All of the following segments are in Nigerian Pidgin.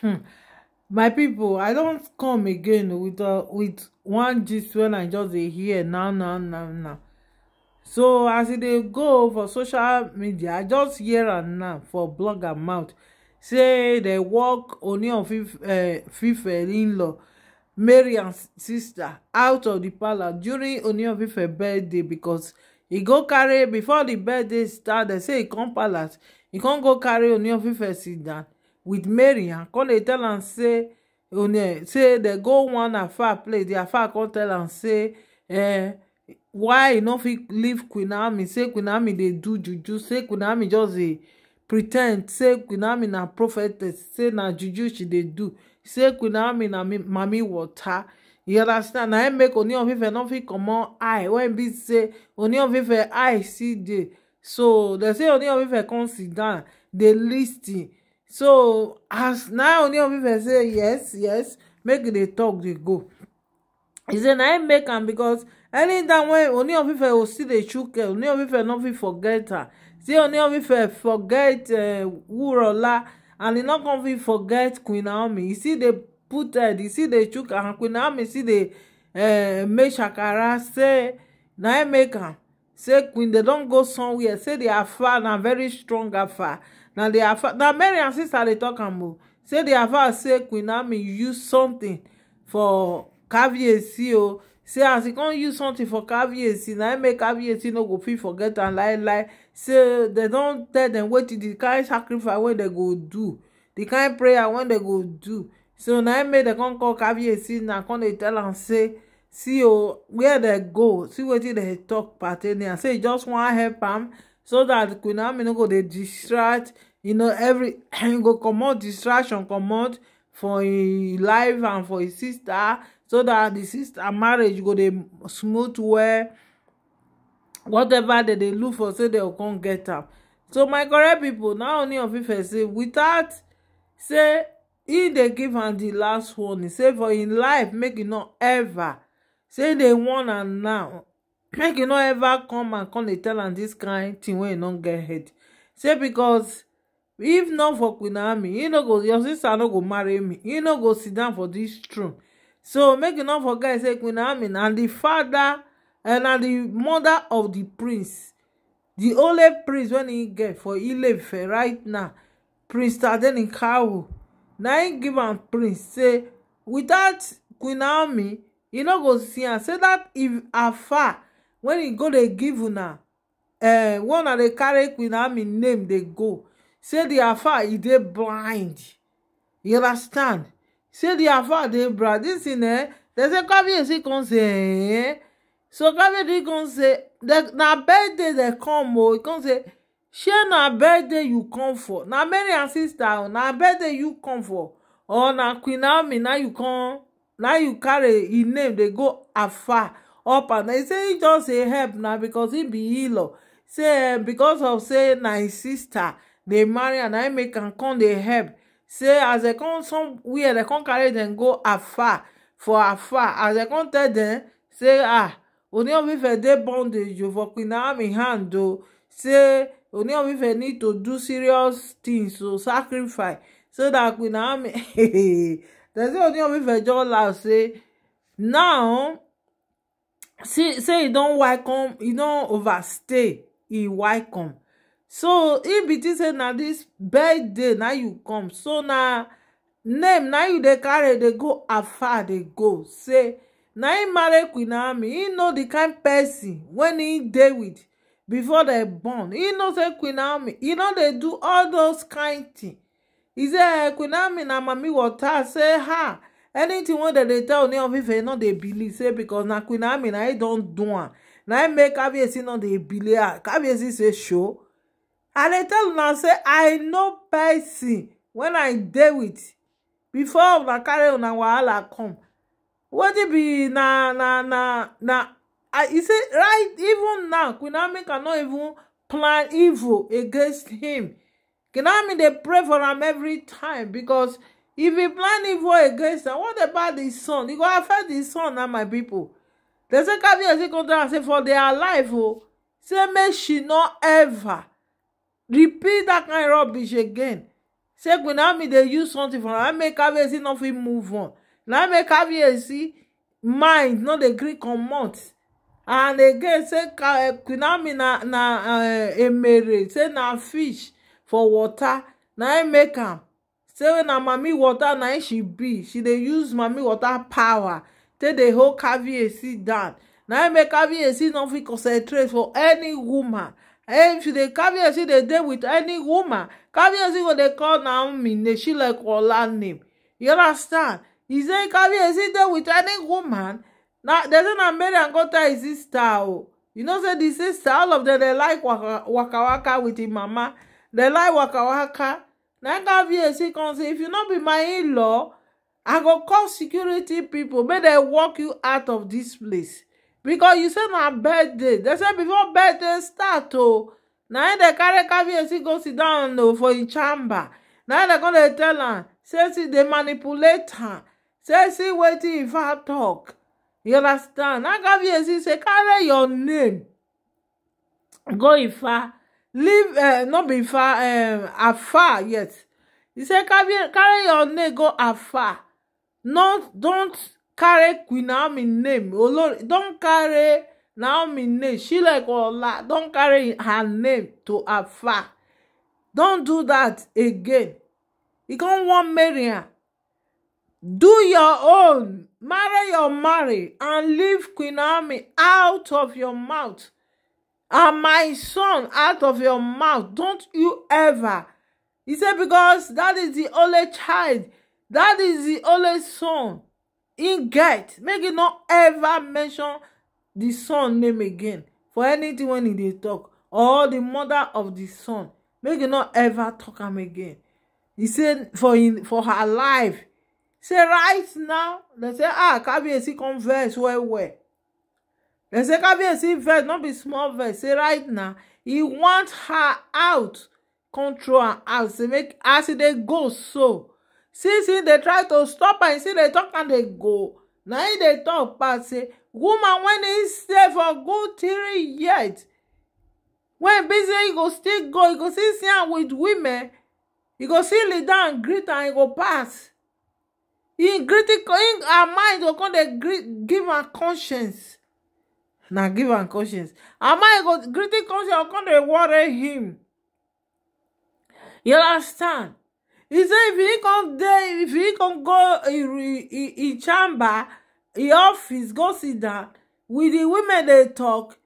hmm. my people, i don't come again with uh, with one gist when i just dey hear now now now now so as they e go for social media i just hear and now for blogger mouth say dem work oni of eh, ife in-law mary and sister out of the palace during only of ife birthday because he go carry before the birthday start They say he come palace he can't go carry only of ife sit down with mary and come dey tell and say "Oh say they go one a far place di afar come tell and say eh why e no fit leave queen ami say queen ami they do juju say queen ami just dey pretend say queen ami na prophetess say na juju she they do say queen ami na mami water you understand na im make oni of ife no fit on? I wen be say oni of ife I see the so they say only of ife come sit down dey so as now only of people say yes yes make they talk they go He say na im make am becos anytime wey only of people go see dey chook Only of people no fit forget her See only of people forget eh, wurola and he no come fit forget queen naomi e still dey put head e still dey chook and queen naomi still dey eh, make shakara say na im make am say queen dey don go somewhere say di afar na very strong afar ah, na na mary and sister dey talk am um, o oh, say di afa say queen ami use something for caviarcy o oh. say as e con use something for caviarcy na im make caviarcy no go fit forget am lie lie say dem don tell dem wetin the kind sacrifice wey dem go do the kind prayer wey dem go do so na im make dem come call caviarcy na come dey tell am say see o oh, where dem go see wetin dem talk pertaining say e just wan help am so that queen naomi no go dey distract you know every he go comot distraction comot for him e life and for him e sister so that the sister marriage go dey smooth well whatever dem dey look for say dem come get am so my correct pipo na only of ife say without say e dey give am the last warning say for im life make e no ever say e dey warn am now make you no ever come and come dey tell am dis kind thing wey you e no get head say because if not for queen army no go your sister no go marry me e no go sit down for dis throne so make you not forget say queen army na the father and eh, na the mother of the prince The only prince wey he get for ilefe right now prince tadenikawo na him give am prince say without queen army e no go see am say that if afar When e go dey give una eh one na dey carry queen army name dey go say di affair e dey blind you understand say di affair dey blind dis thing eh dem say kabiyesi come say eh so kabiyesi come say na birthday dem come o oh. e come say shey na birthday you come for na mary and sister oh. na birthday you come for or na queen army na you come na you carry e name dey go afar up and down e say e just say help now because he be healer say um, because of say my sister they marry and i make and come they help say as dem come somewhere dem come carry dem go afar for afar as dem come tell them say ah oni of ife dey bondage you for queen naomi hand do oh. say oni of ife need to do serious things o oh, sacrifice so that queen naomi dem say oni of ife just laugh say now see say e don welcome e don overstay e welcome so e be think say na dis birthday na you come so na name na you dey carry dey go afar dey go say na im marry queen naomi He know the kind person wen he dey with before dem born He know say queen naomi He no dey do all those kind thing He say eh, queen naomi na mami water say her Anything wey dem dey tell oni of ife no dey believe say becos na queen amina e don do am na im make kabiyesi no dey believe her ah, kabiyesi say show i dey tell una say i know person wen i dey with before una carry una wahala come wetin be na na na na i say right even now queen amika no even plan evil against him queen ami dey pray for am every time because if you plan evil against am what about di son e go affect di son and my people. dem say Kabi come down say for dia life o say make she no ever repeat that kind rubbish again say queen ami dey use something for her make Kabi kabiyesi no fit move on na make Kabi kabiyesi mind no dey gree comot and again say queen eh, ami na na eh, emere say na fish for water na im make am say na mami water na she be she dey use mami water power take dey hold caviarcy down na im make caviarcy no fit concentrate for any woman eh, if she dey caviarcy dey dey with any woman caviarcy go dey call naomi name she like ola name you understand e say caviarcy dey with any woman na dem say na mary and go his sister o oh. you know say the sister all of them. dey like waka waka waka with im mama dem like waka waka na caviarcy come say if you no be my in-law i go call security pipo make dem walk you out of dis place because you say na birthday dem say before birthday start o oh, na im dem carry caviarcy go sit down o oh, for im chamber na im dem come dey tell am say see dey manipulate am say see wetin im fa tok you understand na caviarcy say carry your name go ifa leave uh, not be far um, afar yet he said, carry, carry your name go afar not don't carry Queen Naomi name Oh Lord, don't carry Naomi name She like Shilekola don't carry her name to afar don't do that again you come want Maria. do your own marry your marry and leave Queen Naomi out of your mouth and ah, my son out of your mouth don't you ever he said because that is the only child that is the only son he get make he no ever mention the son name again for anything when he dey talk or the mother of the son make he no ever talk am again he say for him for her life say right now dem say ah kabiyesi come vex well well dem say see, verse, not be small verse. say right now he wants her out control her out say make as they go so see, see, they try to stop her see, they talk and they go Now they talk pass say woman when he stay for good three yet, when be he go still go he go see, see with women he go see, lead down greet and he go pass He e greeting her mind go come dey give her conscience na give am conscience amma e go greeting conscience come dey worry him you understand e say if he come dey if he come go e chamber e office go sit down with the women dey tok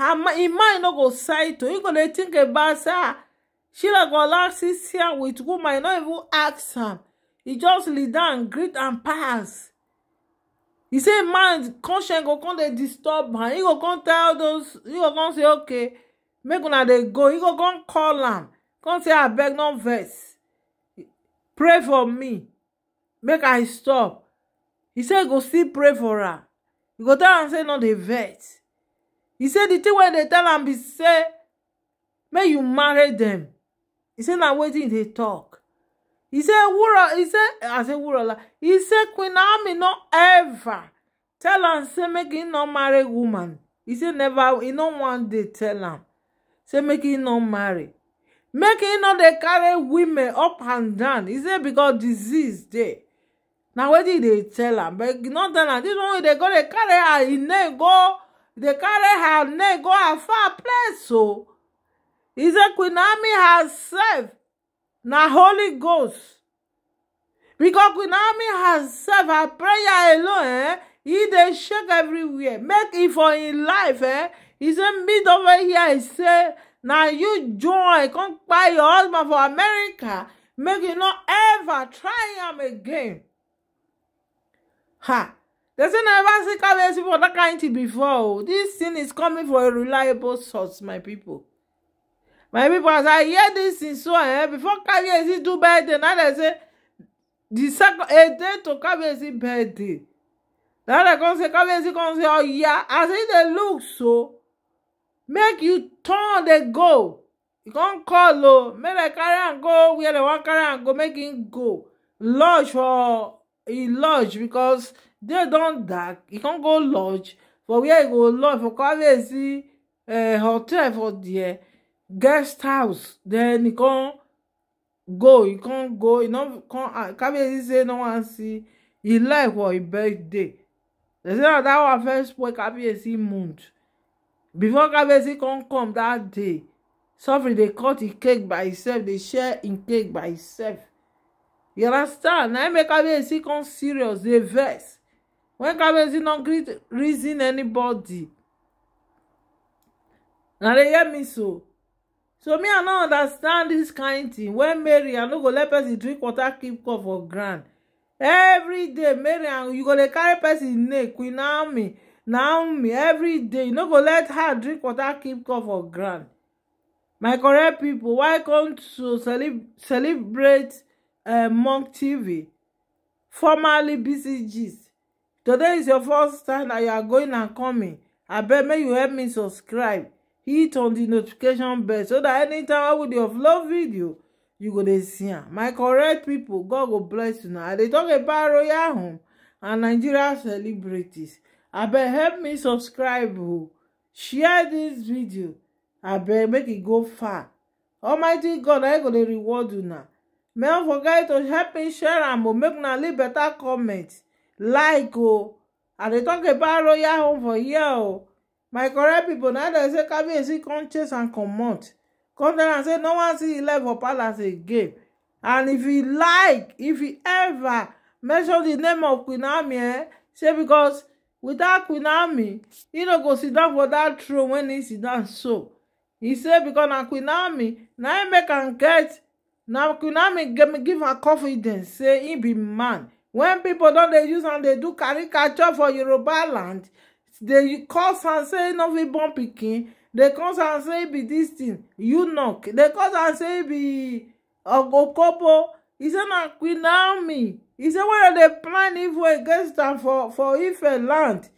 im mind no go side to him go dey think about say ah sheila go allow sit here with woman e no even ask am e just lead down, greet and pass He say man conscience go come dey disturb am he go come tell those He go come say okay make una dey go He go come call am come say abeg no vex pray for me make i stop He say go still pray for her He go tell am say no dey vex He say 'The thing wey dey tell am be say make you marry dem He say na wetin e dey tok He say Wura, he said, I said, He Queen Ami no ever tell am say make him no marry woman. He say never, he not one dey tell am. Say make him no marry. Make him no dey carry women up and down. He say because disease dey. na wetin e dey tell am but no tell am dis one wey dey go dey carry her im name go dey carry her name go her far place o oh. e say queen naomi herself na holy ghost because queen naomi herself her prayer alone eh, e dey shake everywhere make e for im life eh, e say meet over here He say na you join come kpai your husband for america make you no ever try am again ha dem say na ever see cabbage for dat kind thing before o dis thing is coming from a reliable source my people my people as i hear dis thing so eh before kabiyesi do birthday now dey say the second a day to kabiyesi birthday Now dey come say kabiyesi come say oya oh, as he dey look so make you turn dey go You come call o oh, make dem carry am go where dem wan carry am go make im go lodge for e lodge because day don dark e come go lodge for where e go lodge for kabiyesi uh, hotel for there guest house then he can't go he can't go he no can't. uh, ah, Kabiyesi say no one see he like for him birthday they say ah, that was first spoil Kabiyesi mood before Kabiyesi can't come that day Sofri they cut him cake by himself They share in cake by himself you understand na make Kabiyesi come serious dey vex when Kabiyesi no greet reason anybody Now dey hear me so so me i no understand this kind thing. When mary i no go let person drink water keep cup for ground every day mary and you go dey carry person name queen naomi naomi every day you no go let her drink water keep cup for ground my correct people why come to celebrate eh, monk tv formerly bcgs today is your first time that you are going and coming abeg make you help me subscribe hit on the notification bell so that anytime i go dey upload video you go dey see am my correct people, god will bless you now i talk about royal home and nigeria celebrities abeg help me subscribe o share this video abeg make it e go far almighty god i e go dey reward you now May no forget to help me share and o make una leave beta comment like oh. i dey tok about royal home for here o my correct people na dem say kabiyesi come chase am comot come tell am say no wan see eleven for palace again and if he like if he ever mention the name of queen ami eh say because without queen ami he no go sit down for that throne when he sit down so He say because na queen ami na im make am get na queen ami give am confidence say he be man when people don dey use am dey do caricature for yoruba land dey cause am say no be born pikin dey cause am say be dis thing eunuch dey cause am say be ogokobo e say na queen naomi e say wey dem dey plan evil against am for for ife land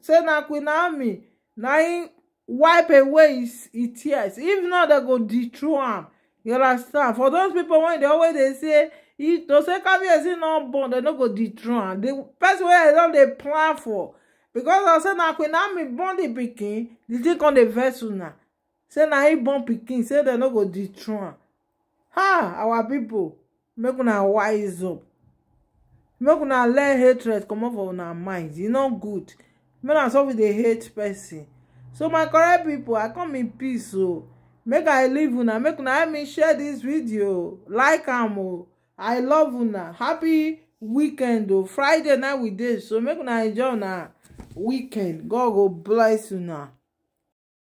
say na queen naomi na im wipe away his tears if not dem go dethrone am you understand for those people, wey dey always dey say to say kabiyesi no born dem no go dethrone am The person wey dem don dey plan for because of say na queen army born di pikin di thing come dey vex una say na him born pikin say dem no go dethrone am ha our pipo make una wise up make una let hatred comot for una mind e no good make na so dey hate person so my correct pipo i come in peace o oh. make i leave una make una help me share dis video like am o oh. i love una happy weekend o oh. friday night we dey so make una enjoy una weekend god go bless una